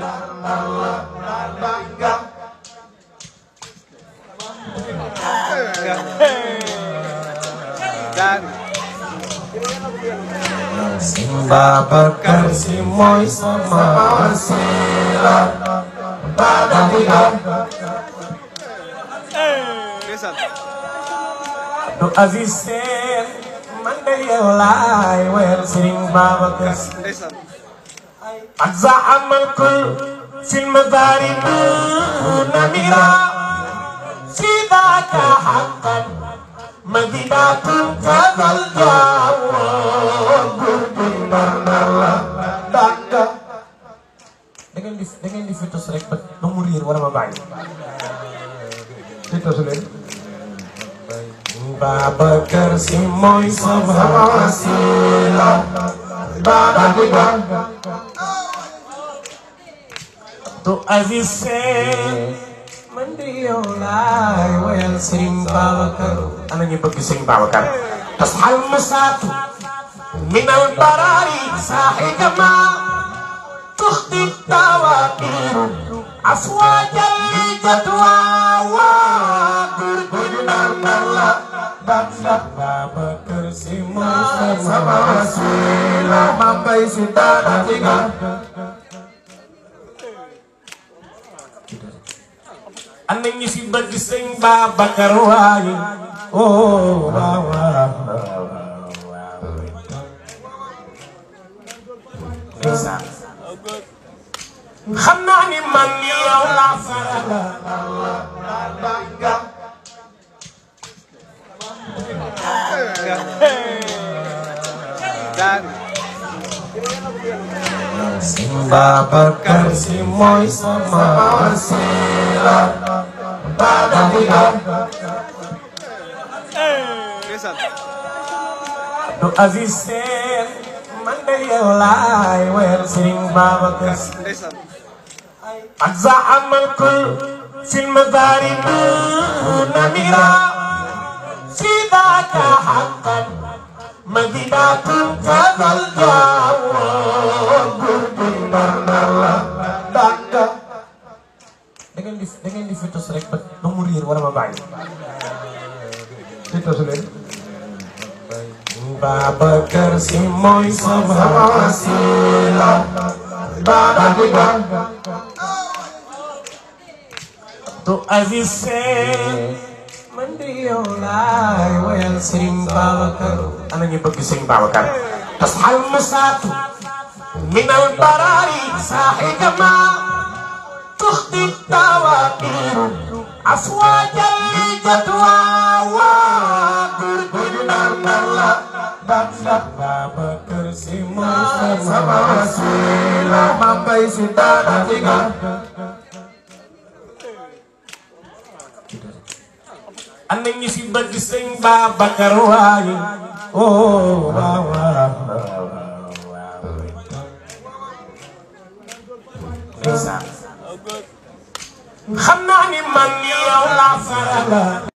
Simba Sila berkasi moi sama sila Pada tiga Dok Aziz Mandai yang lain Wen sering Desa أتزعم الكل في المضارب نمرة في ذاك حقا مدينة كذا الجواب da ngeen di da ngeen di fitos rek ba ba mu riir wala ma bàyyi. fitos leen. Babacar Si mooy sama wasila. Babacar To every fail Mandi yolai Wayal sering pawakar Anangnya Tas halma satu Minal barari sahigama Tuhti tawakir Aswajan li jadwa Wakur gudunar nalla Baksak babakar Simul sama wasila Mampai sita datika am na ñu fi bëgg sëñ Babacar waaye oh waaw waaw waaw xam naa ni man yow laa faral Babacar Si mooy sama wasila Babacar du Aziz Seen man de yow laay wéyal Sëriñ Babacar Si ak za amal ko fil mazaari na mira si daaka xaqan مدينة كذا الجواب قربي مرمى داكا da ngeen di da ngeen di fitos rek ba ba mu riir wala ma bàyyi. fitos leen. Babacar Si mooy sama wasila. Babacar. du Aziz Seen. Mandiola wayang sering bawakan Anaknya pergi sering bawakan Tas satu Minal barari sahigama Tuhti tawakiru Aswa jali jatwa Wakur gudunar nala Baksak babakar simu Sama wasila Mampai sita tiga. am na ñu si bëgg sëñ Babacar waaye oh waaw waaw waaw xam naa ni man yow laa farala